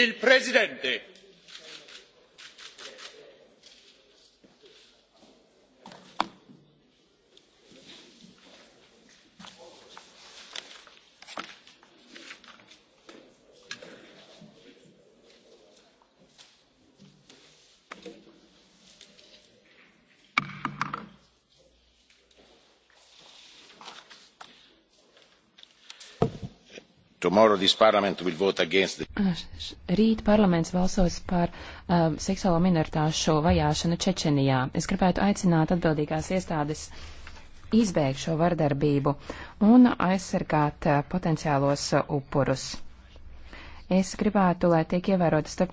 il presidente Rīt parlaments balsos par uh, seksuālo minoritāšu vajāšanu Čečenijā. Es gribētu aicināt atbildīgās iestādes izbēgt šo vardarbību un aizsargāt uh, potenciālos uh, upurus. Es gribētu, lai tiek ievērota starp